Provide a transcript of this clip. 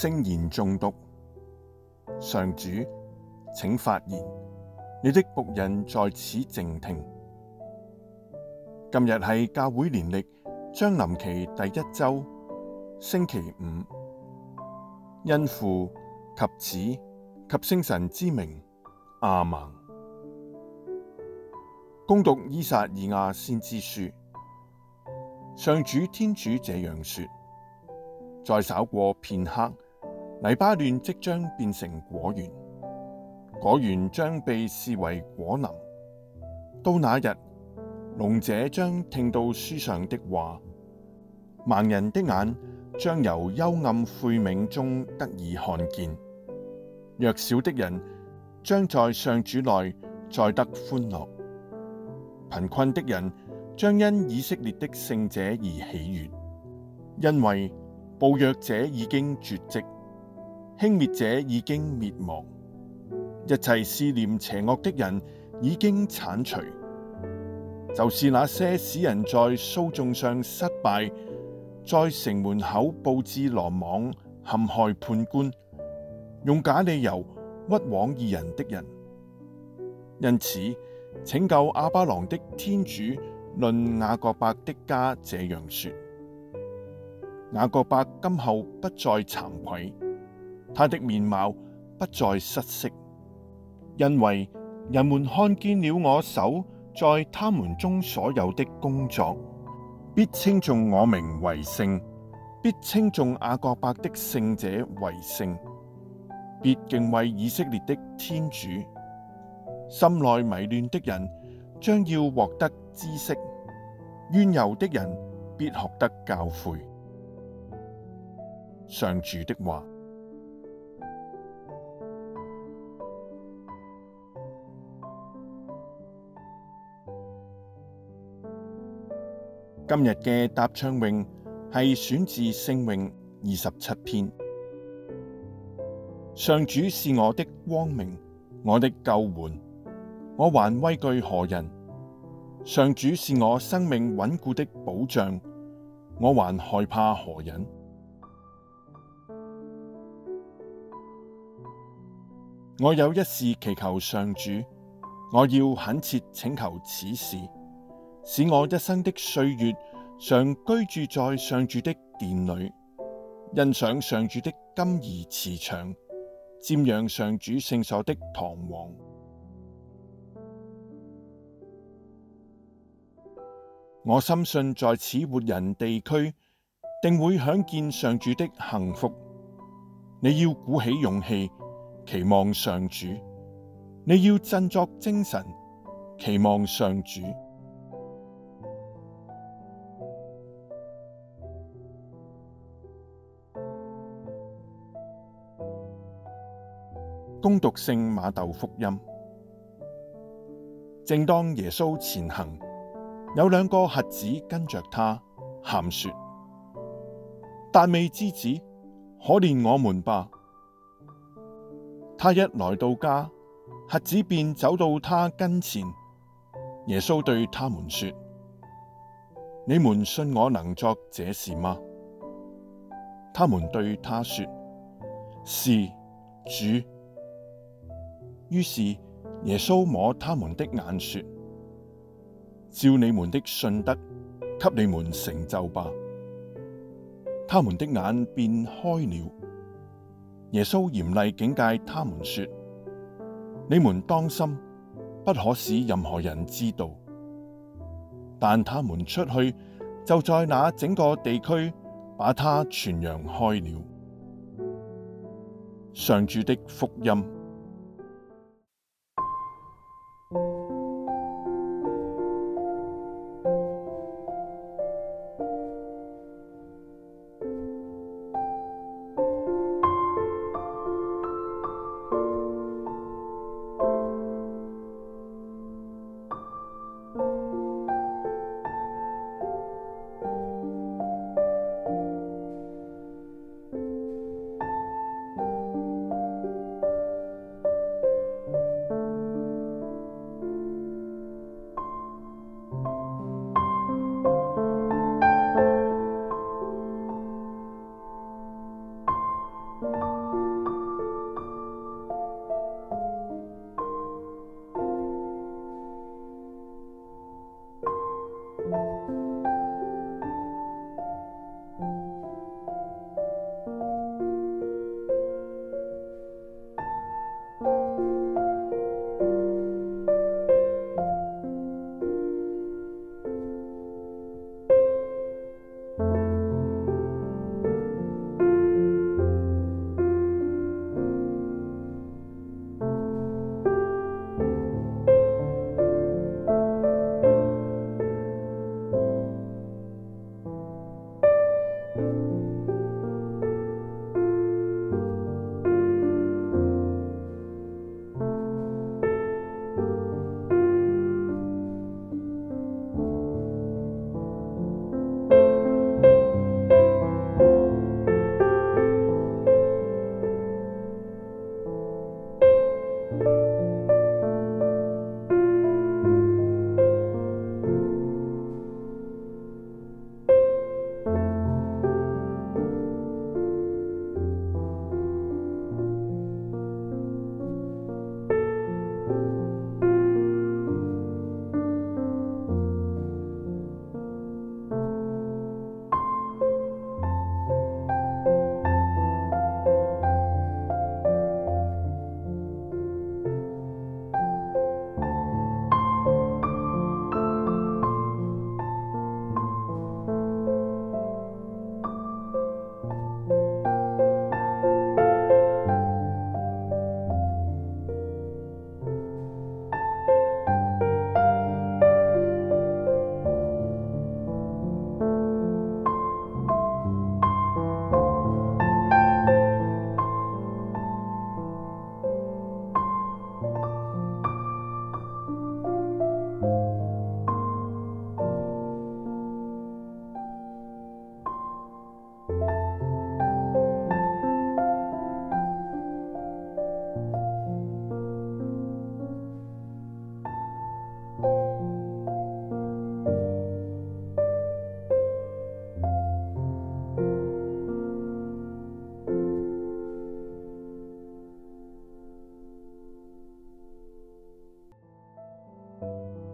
聖言誦讀。上主，請發言，你的僕人在此靜聽。今日係教會年曆將臨期第一周，星期五，因父及子及聖神之名，阿門。恭讀依撒意亞先知書，上主天主這樣說：再稍過片刻。黎巴嫩即將變成果園，果園將被視為果林。到那日，聾者將聽到書上的話，盲人的眼將由幽暗晦暝中得以看見。弱小的人將在上主內再得歡樂，貧困的人將因以色列的聖者而喜悅，因為暴虐者已經絕迹。輕蔑者已經滅亡，一切思念邪惡的人已經鏟除。就是那些使人在訴訟上失敗，在城門口布置羅網，陷害判官，用假理由屈枉義人的人。因此，拯救阿巴郎的天主論雅各伯的家這樣說：雅各伯今後不再慚愧。他的面貌不再失色，因為人們看見了我手在他們中所有的工作，必稱頌我名為聖，必稱頌雅各伯的聖者為聖，必敬畏以色列的天主。心內迷亂的人將要獲得知識，怨尤的人必學得教誨。上主的話。今日嘅答唱詠係選自聖詠二十七篇。上主是我的光明，我的救援，我還畏懼何人？上主是我生命穩固的保障，我還害怕何人？我有一事祈求上主，我要懇切請求此事。使我一生的歲月常居住在上主的殿裏，欣賞上主的甘飴慈祥，瞻仰上主聖所的堂皇。我深信在此活人地區，定會享見上主的幸福。你要鼓起勇氣，期望上主；你要振作精神，期望上主。恭讀聖瑪竇福音。正當耶穌前行，有兩個瞎子跟着他，喊說：達味之子，可憐我們吧！他一來到家，瞎子便走到他跟前。耶穌對他們說：你們信我能作這事嗎？他們對他說：是，主。於是耶穌摸他們的眼說：照你們的信德，給你們成就吧。他們的眼便開了。耶穌嚴厲警戒他們說：你們當心，不可使任何人知道。但他們出去，就在那整個地區把他傳揚開了。上主的福音。